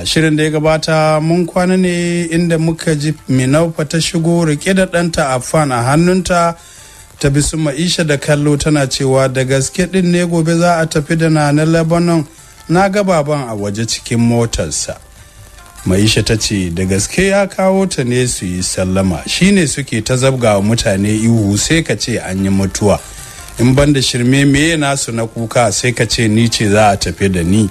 a shirin da ya gabata mun kwana ne inda muka ji minaufa ta shigo rike da ɗanta a fan a hannunta ta bisu ma'isha da kallo tana cewa da gaske ɗin ne gobe za a tafi da na na lebanon na ga baban a waje cikin motarsa maisha ta ce da gaske ya kawo ta ne su yi sallama shine suke ta zabga wa mutane ihu sai ka ce an yi mutuwa in banda da shirme meye nasu na kuka sai ka ce ni ce za a tafi da ni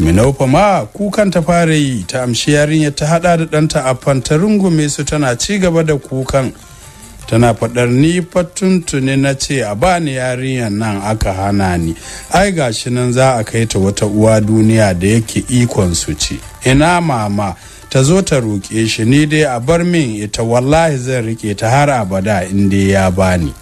Minaufa ma kukan ta fara yi ta amshi yarinya ta hada da ɗanta a fanta-rungume su tana ci gaba da kukan tana faɗar ni fatuntuni na ce a bani yarinyar nan aka hana ni ai gashi nan za a kai ta wata uwa duniya da yake ikon su ce ina mama ta zo ta roƙe shi ni dai a bar min ita wallahi zan rike ta har abada in dai ya bani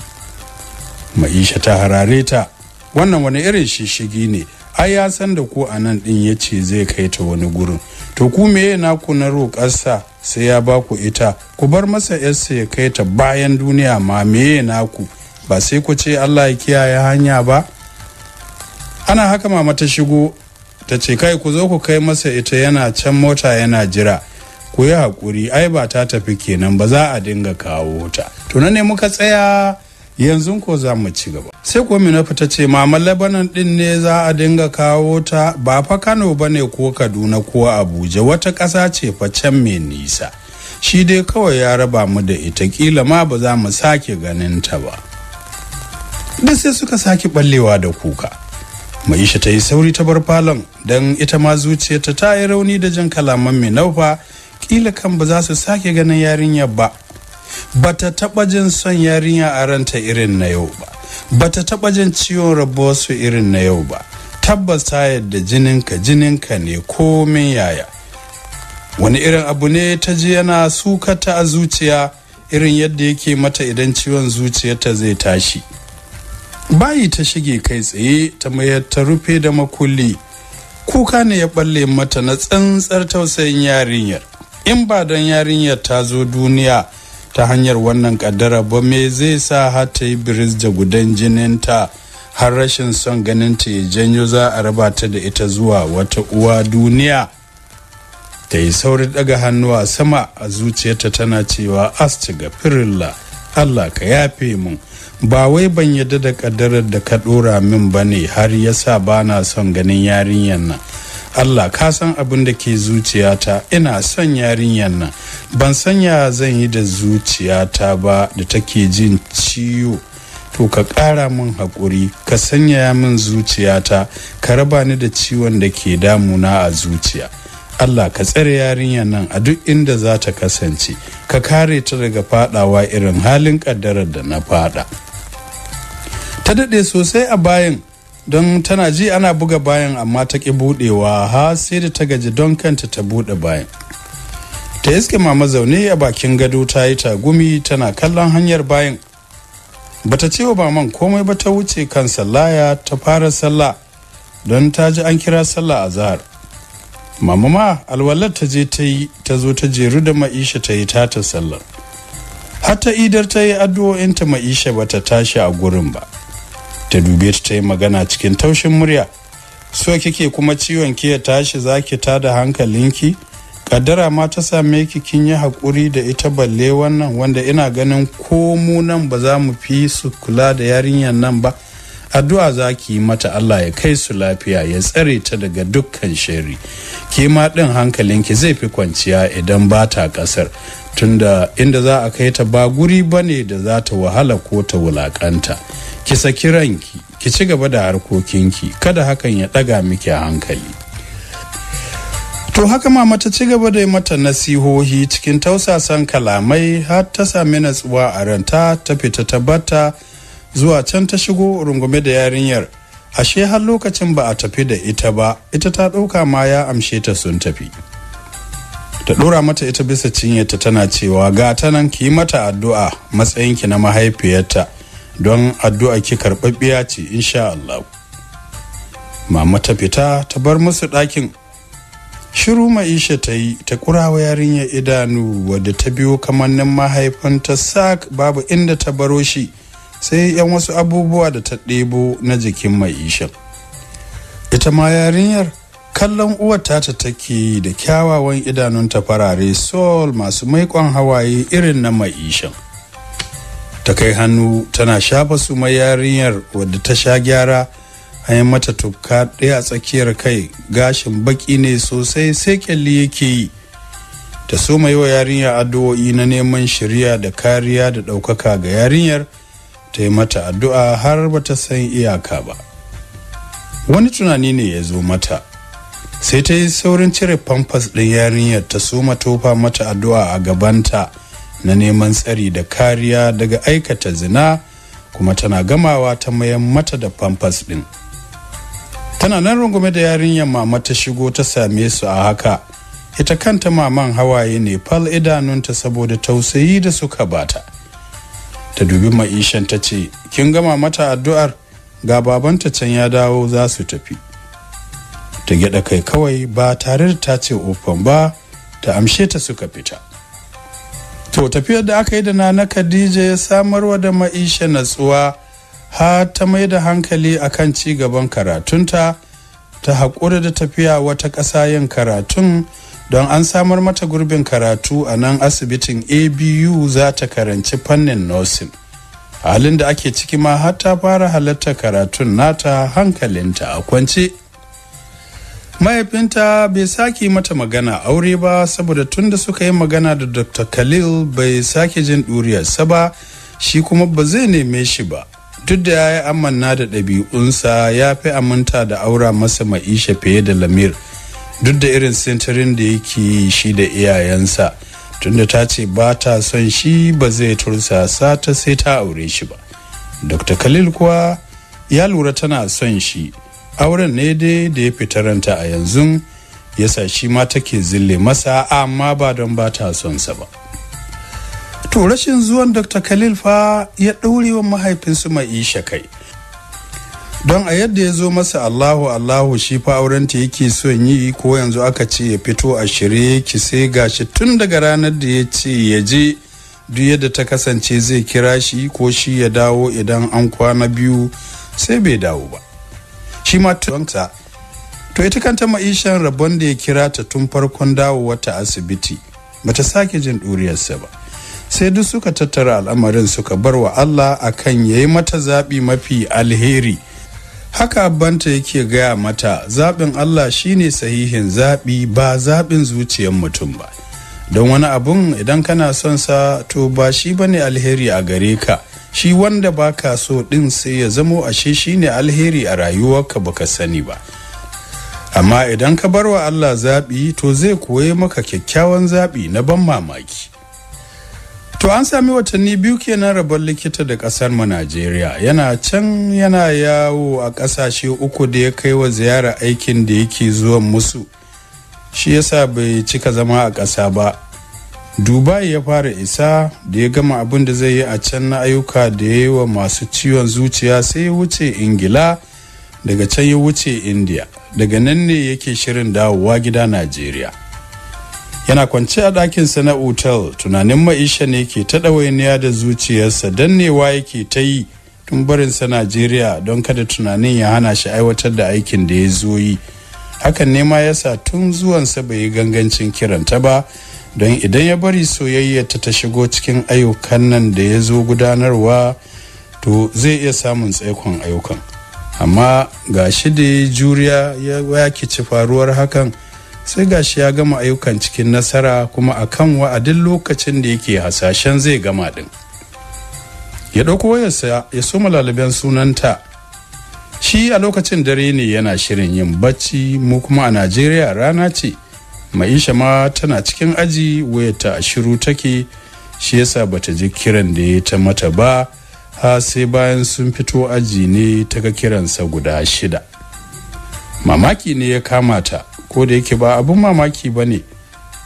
maisha ta harare ta wannan wani irin shishigi ne ai ya san da ko anan din ya ce zai kai ta wani gurin to ku meye naku na roƙarsa sai ya ba ku ita ku bar masa yarsa ya kai ta bayan duniya ma me na ku, ba sai ku ce allah ya kiyaye hanya ba ana haka mama ta shigo ta ce kai ku zo ku kai masa ita yana can mota yana jira ku yi hakuri, ai ba ta tafi kenan ba za a dinga kawo ta to na ne muka tsaya yanzu ko za mu ci gaba sai ko minofa ta ce mama labanan din ne za a dinga kawo ta ba fa kano ba ne ko kaduna ko abuja wata ƙasa ce fa can mai nisa shi dai kawai ya raba mu da ita kila ma ba za mu sake ganin ta ba da sai suka sake ballewa da kuka maisha ta yi sauri ta bar falon don ita ma zuciyarta ta yi rauni da jin kalaman mai naufa kila kan ba za su sake ganin yarinyar ba bata taba jin son yarinya a ranta irin na yau ba bata taba jin ciwon rabuwarsu irin na yau ba tabbas ta yadda jininka jininka ne komin yaya wani irin abu ne ta ji yana sukata a zuciya irin yadda yake mata idan ciwon zuciyarta zai tashi bayi ta shige kai tsaye ta mayar ta rufe da makulli kuka ne ya balle mata na tsantsar tausayin yarinyar in ba don yarinyar ta zo duniya ta hanyar wannan kaddara ba me zai sa har yi biris da gudan ta har rashin son ganin ta ya janyo za a raba ta da ita zuwa wata uwa duniya ta yi sauri daga hannuwa sama a zuciyarta tana cewa ga firilla allah ka yafe mun ba wai ban yadda da kaddarar da ka dora min ba ne har ya sa ba na son ganin yarinyar nan Allah ka san abin da ke zuciyata ina son yarinyar nan ban sanya zan yi da zuciyata ba da take jin ciwo to ka ƙara min haƙuri ka sanya min zuciyata ka raba ni da ciwon da ke damuna a zuciya Allah ka tsare yarinyar nan a duk inda za ta kasance ka kare ta daga fadawa irin halin ƙaddarar da na fada ta daɗe sosai a bayan don tana ji ana buga bayan amma ta ki budewa ha sai da ta gaji don kanta ta bude bayan ta iske mama zaune a bakin gado ta yi tagumi tana kallon hanyar bayan bata ce wa maman komai ba ta wuce kan sallaya ta fara sallah don ta ji an kira sallah a zahar mama ma alwalar ta je ta yi ta zo ta jeru da ma'isha ta yi tata sallar har ta idar ta yi addu'o'inta ma'isha bata tashi a gurin ba ta dube ta ta yi magana cikin taushin murya so kike kuma ciwon ki ya tashi zaki tada hankalinki kaddara ma ta same ki kin yi haƙuri da ita balle wannan wanda ina ganin ko mu nan ba za mu fi su kula da yarinyar nan ba addu'a za ki yi mata Allah ya kai su lafiya ya tsare ta daga dukkan shari ke ma ɗin hankalinki zai fi kwanciya idan ba ta ƙasar tunda inda za a kai ta ba guri ba ne da za ta wahala ko ta wulaƙanta ki saki ranki ki ci gaba da harkokinki kada hakan ya ɗaga miki hankali to haka mama ta ci gaba da mata nasihohi cikin tausasan kalamai har ta sami natsuwa a ranta ta fita ta bata zuwa can ta shigo rungume da yarinyar ashe har lokacin ba a tafi da ita ba ita ta ɗauka ma ya amshe ta sun tafi ta ɗora mata ita bisa cinyarta tana cewa ga ta nan ki mata addu'a matsayinki na mahaifiyarta don addu'a ki karɓaɓɓiya ce insha Allah mama ta fita ta bar musu ɗakin shiru maisha ta yi ta kurawa yarinyar idanu wadda ta biyo kamannin mahaifinta sak babu inda ta baro shi sai yan wasu abubuwa da ta ɗebo na jikin mai ishin ita ma yarinyar kallon uwata tata take da kyawawan idanunta farare sol masu maikon hawaye irin na mai ishin ta kai hannu tana shafa su mai yarinyar wadda ta sha gyara a yi mata tukka ɗaya a tsakiyar kai gashin baki ne sosai sai kyalli yake yi ta so mai wa yarinya addu'o'i na neman shirya da kariya da ɗaukaka ga yarinyar ta yi mata addu'a har ba ta san iyaka ba wani tunani ne ya zo mata sai ta yi saurin cire famfas ɗin yarinyar ta soma tofa mata addu'a a gabanta na neman tsari da kariya daga aikata zina kuma tana gamawa ta mayan mata da famfas ɗin tana nan rungume da yarinyar mama ta shigo ta same su a haka ita kanta maman hawaye nepal idanunta saboda tausayi da suka bata ta dubi ma'ishan ta ce kin gama mata addu'ar ga babanta can ya dawo za su tafi ta gyada kai kawai ba tare da ta ce ofan ba ta amshe ta suka fita to tafiyar da aka yi da nana khadija ya samarwa da ma'isha natsuwa har ta mai da hankali akan ci gaban karatunta ta haƙura da tafiya wata ƙasa yin karatun don an samar mata gurbin karatu a nan asibitin abu za ta karanci fannin nursing halin da ake ciki ma har ta fara halatta karatun nata hankalinta a kwance mahaifinta bai sake mata magana aure ba saboda tun da suka yi magana da dr khalil bai sake jin ɗuriyarsa ba shi kuma ba zai neme shi ba duk da ya yi amanna da ɗabi'unsa ya fi aminta da aura masa ma'isha fiye da lamir duk da irin sintirin da yake shi da iyayensa tunda ta ce ba ta son shi ba zai tursa ta sai ta aure shi ba dr khalil kuwa ya lura tana son shi auren ne dai da ya fita ranta a yanzu ya sa shi ma take zille masa amma ba don ba ta son sa ba to rashin zuwan dr khalil fa ya ɗaure wa mahaifinsu isha kai don a yadda ya zo masa allahu allahu shi fa aurenta yake son yi ko yanzu aka ce ya fito a shirye ki sai gashi tun daga ranar da ya ce ya je duk yadda ta kasance zai kira shi ko shi ya dawo idan an kwana biyu sai bai dawo ba shi ma ta. to ita kanta ma'ishan rabon da ya kira ta tun farkon dawo wata asibiti bata sake jin ɗuriyarsa ba sai duk suka tattara al'amarin suka bar wa Allah akan ya yi mata zaɓi mafi alheri haka banta yake gaya mata zaɓin allah shine sahihin zaɓi ba zaɓin zuciyar mutum ba don wani abun idan kana son sa to ba shi bane alheri a gare ka shi wanda baka so ɗin sai ya zamo ashe shine alheri a rayuwarka baka sani ba amma idan ka bar wa allah zaɓi to zai koye maka kyakkyawan zaɓi na ban mamaki To an sami watanni biyu kenan rabon likita da kasar mu Najeriya yana can yana yawo a kasashe uku da ya kai wa ziyara aikin da yake zuwa musu shi yasa bai cika zama a ƙasa ba. Dubai ya fara isa da ya gama abin da zai yi a can na ayyuka da ya yi wa masu ciwon zuciya sai ya wuce Ingila daga can ya wuce India daga nan ne yake shirin dawowa gida Najeriya. yana kwance a ɗakinsa na otal tunanin maisha ne ke ta ɗawainiya da zuciyarsa dan dannewa yake ta yi tun barinsa najeriya don kada tunanin ya hana shi aiwatar da aikin da ya zo yi hakan ne ma ya sa tun zuwansa bai yi gangancin kiranta ba don idan ya bari soyayyarta ta shigo cikin ayyukan nan da ya zo gudanarwa to zai iya samun tsaikon ayyukan amma ga shi da juriya ya ci faruwar hakan sai gashi ya gama ayyukan cikin nasara kuma a kan wa'adin lokacin da yake hasashen zai gama din ya ɗauko wayarsa ya soma lalaben sunanta shi a lokacin dare ne yana shirin yin bacci mu kuma a najeriya rana ce maisha ma tana cikin aji wayarta a shiru take shi yasa bata ji kiran da ya ta mata ba ha sai bayan sun fito aji ne ta ga kiransa guda shida mamaki ne ya kama ta ko da yake ba abin mamaki ba ne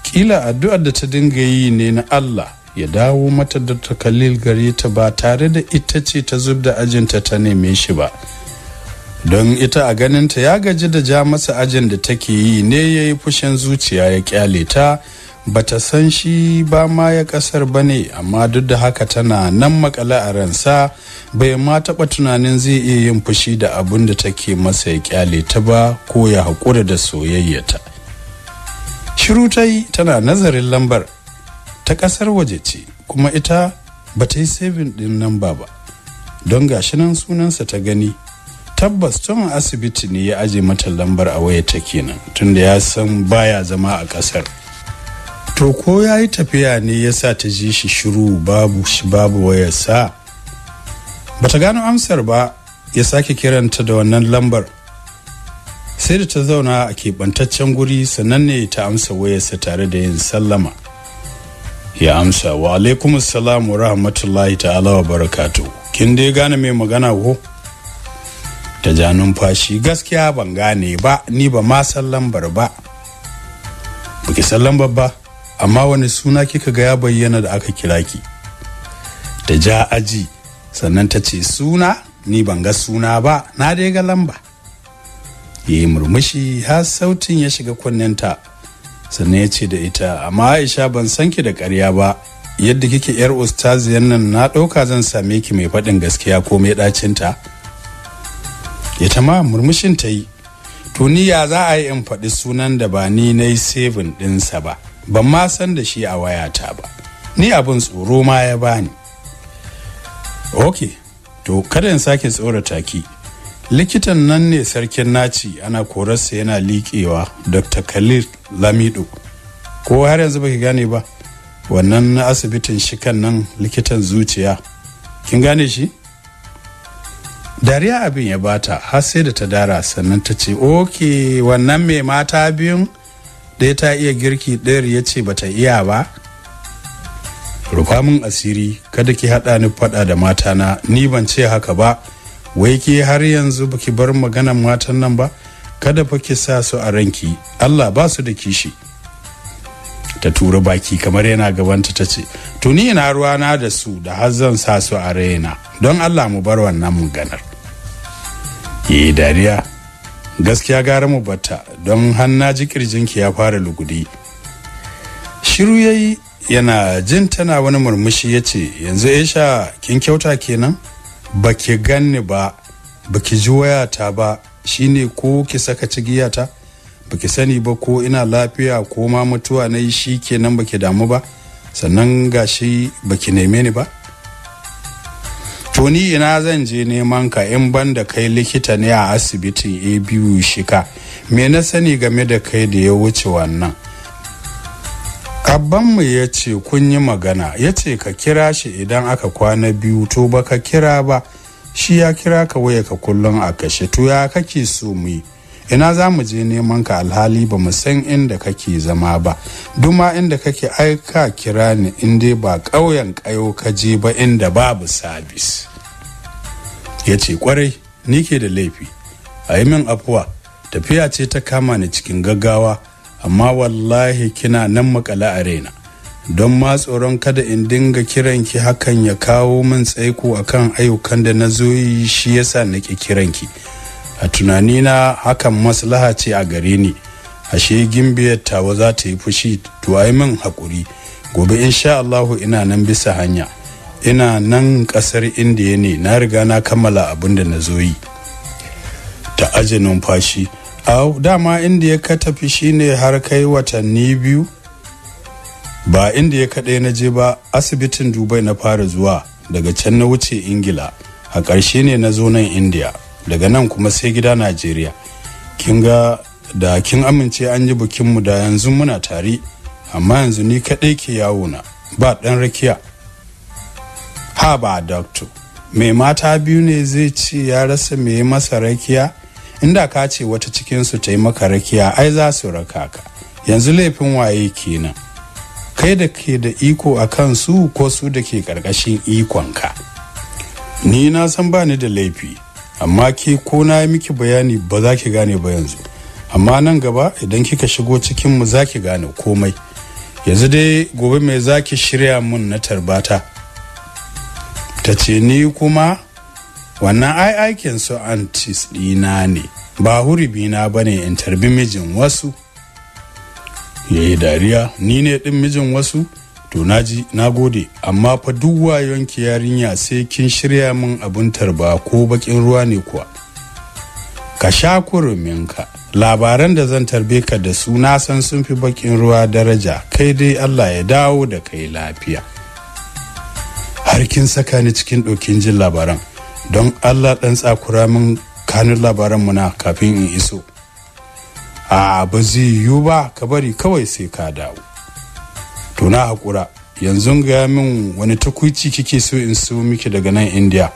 kila addu'ar da ta dinga yi ne na allah ya dawo mata da takalil gare ta ba tare da ita ce ta zub da ajinta ta neme shi ba don ita a ganinta ya gaji da ja masa ajin da take yi ne ya yi fushin zuciya ya kyale ta bata san shi ba ma ya kasar ba ne amma duk da haka tana nan makala a ransa bai ma taɓa tunanin zai iya yin fushi da abin da take masa ya kyale ta ba ko ya haƙura da soyayyata shiru ta yi tana nazarin lambar ta kasar waje ce kuma ita ba ta yi saving din lamba ba don gashi nan sunansa ta gani tabbas tun asibiti ne ya aje mata lambar a ta kenan tunda ya san baya zama a kasar. to ko ya yi tafiya ne ya sa ta ji shi shiru babu shi babu wayarsa ta gano amsar ba ya sake kiranta da wannan lambar sai da ta zauna a keɓantaccen guri sannan ne ta amsa wayarsa tare da yin sallama ya amsa wa alaikum assalamu rahmatullahi ta'ala wa barakatu kin dai gane mai magana ko ta ja numfashi gaskiya ban gane ba ni ba ma san lambar ba ki san lambar ba amma wani suna kika ga ya bayyana da aka kira ki ta ja aji sannan ta ce suna ni ban ga suna ba na dai ga lamba ya yi murmushi har sautin ya shiga kunnenta sannan ya ce da ita amma aisha ban san ki da karya ba yadda kike yar ustaziyar nan na ɗauka zan same ki mai faɗin gaskiya ko mai ɗacinta ta ma murmushin ta yi tuni ya za a yi in faɗi sunan da ba ni na yi sevin ɗinsa ba ban ma san da shi a wayata ba ni abin tsoro ma ya bani ok to kada in sake tsorata ki likitan nan ne sarkin naci ana korarsa yana liƙewa dr khalil lamido ko har yanzu baki gane ba wannan na asibitin shikan nan likitan zuciya kin gane shi dariya abin ya bata har sai da ta dara sannan ta ce ok wannan mai mata biyun ɗaya ta iya girki ɗayar ya ce bata iya ba rufa min asiri kada ki haɗa ni faɗa da matana ni ban ce haka ba wai ke har yanzu baki bar maganan matan nan ba kada fa ki sa su a ranki Allah ba su da kishi ta tura baki kamar yana gabanta ta ce tuni na ruwana da su da har zan sa su a raina don Allah mu bar wannan maganar yi dariya gaskiya gara mu bata don hanna ji kirjinki ya fara lugudi shiru yayi yana jin tana wani murmushi ya ce yanzu aisha kin kyauta kenan ba ki ganni ba ba ki ji wayata ba shine ko ki saka cigiyata ba ki sani ba ko ina lafiya ko ma mutuwa na yi shi kenan ba ki damu ba sannan gashi ba ki neme ni ba to ni ina zan je neman ka in ban da kai likita ne a asibitin abu shika me na sani game da kai da ya wuce wannan abbanmu ya ce kun yi magana ya ce ka kira shi idan aka kwana biyu to ba ka kira ba shi ya kira ka waya ka kullum a kashe to ya kake so mu yi ina za mu je neman ka alhali ba mu san inda kake zama ba duma inda kake aika kira ni in ba ƙauyen ƙayo ka je ba inda babu sabis ya ce kwarai ni ke da laifi a yi min afuwa tafiya ce ta kama ni cikin gaggawa amma wallahi kina nan makala a raina don ma tsoron kada in dinga kiranki hakan ya kawo min tsaiko akan ayyukan da na zo yi shi yasa nake kiranki a tunanina hakan maslaha ce a gare ni ashe gimbiyar tawa za ta yi fushi to ai min haƙuri gobe insha Allahu ina nan bisa hanya ina nan ƙasar indiya ne na riga na kammala abin da na zo yi ta aje numfashi a dama indiya ka tafi ne har kai watanni biyu ba indiya kaɗai na je ba asibitin dubai na fara zuwa daga can na wuce ingila a ƙarshe ne na zo nan indiya daga nan kuma sai gida najeriya kin ga da kin amince an yi bikinmu da yanzu muna tare amma yanzu ni kaɗai ke yawo na ba ɗan rakiya ha ba doctor mai mata biyu ne zai ce ya rasa mai masa rakiya inda ka ce wata cikinsu ta yi maka rakiya ai za su raka ka yanzu laifin waye kenan kai da ke da iko a kan su ko su da ke ƙarƙashin ikonka ni na san ba ni da laifi amma ke ko na yi miki bayani ba za ki gane ba yanzu amma nan gaba idan kika shigo cikin mu za ki gane komai yanzu dai gobe mai za ki shirya mun na tarbata ta ce ni kuma wannan ai aikin su antis ɗina ne ba hurubina ba ne in tarbi mijin wasu ya yi dariya ni ne din mijin wasu to naji na gode amma fa duk wayonki yarinya sai kin shirya min abun tarba ko bakin ruwa ne kuwa ka sha ka. labaran da zan tarbe ka da su na san sun fi bakin ruwa daraja kai dai allah ya dawo da kai lafiya har kin saka ni cikin ɗokin jin labaran don allah ɗan tsakura min kanin labaran muna kafin in iso a ba zai yiwu ba ka bari kawai sai ka dawo to na haƙura yanzu ga min wani takwici kike so in so miki daga nan india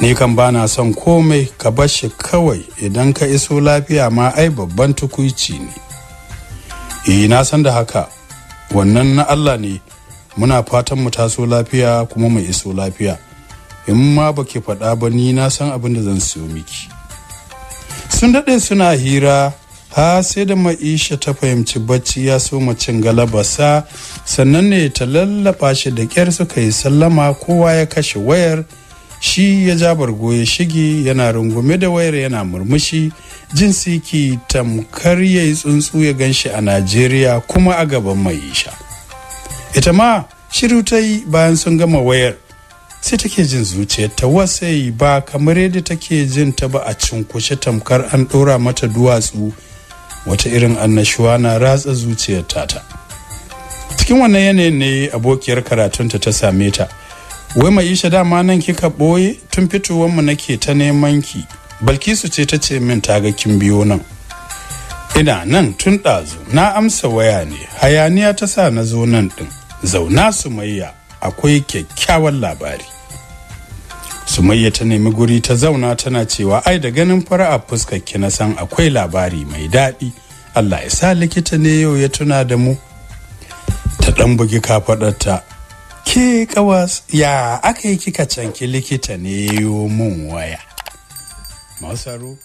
ni kan na son komai ka bar shi kawai idan ka iso lafiya ma ai babban tukuici ne eh na san da haka wannan na allah ne muna fatan mu taso lafiya kuma mu iso lafiya in ma ba ke faɗa ba ni na san abin da zan so miki sun daɗe suna hira ha sai da ma'isha ta fahimci bacci ya so macin galabasa sannan ne ta lallaba shi da kyar suka yi sallama kowa ya kashe wayar shi ya ja bargo ya shige yana rungume da wayar yana murmushi jin siki tamkar ya yi tsuntsu ya ganshi a najeriya kuma a gaban ma'isha ita ma shiru ta yi bayan sun gama wayar sai take jin zuciyar ta wasai ba kamar yadda take jin ta ba a cunkushe tamkar an ɗora mata duwatsu wata irin annashuwa na ratsa zuciyar tata cikin wannan yanayin ne abokiyar karatunta ta same ta wai mai isha dama nan kika ɓoye tun fitowar mu nake ta neman ki balkisu ce ta ce min ta ga kin biyo nan ina nan tun ɗazu na amsa waya ne hayaniya ta sa na zo nan ɗin zauna sumayya akwai kyakkyawan labari sumayya ta nemi guri ta zauna tana cewa ai da ganin fara'a ki na san akwai labari mai daɗi allah ya sa likita ne yau ya tuna da mu ta ɗan bugi kafaɗarta ke kawas ya aka yi kika canki likita ne yo mun waya masaru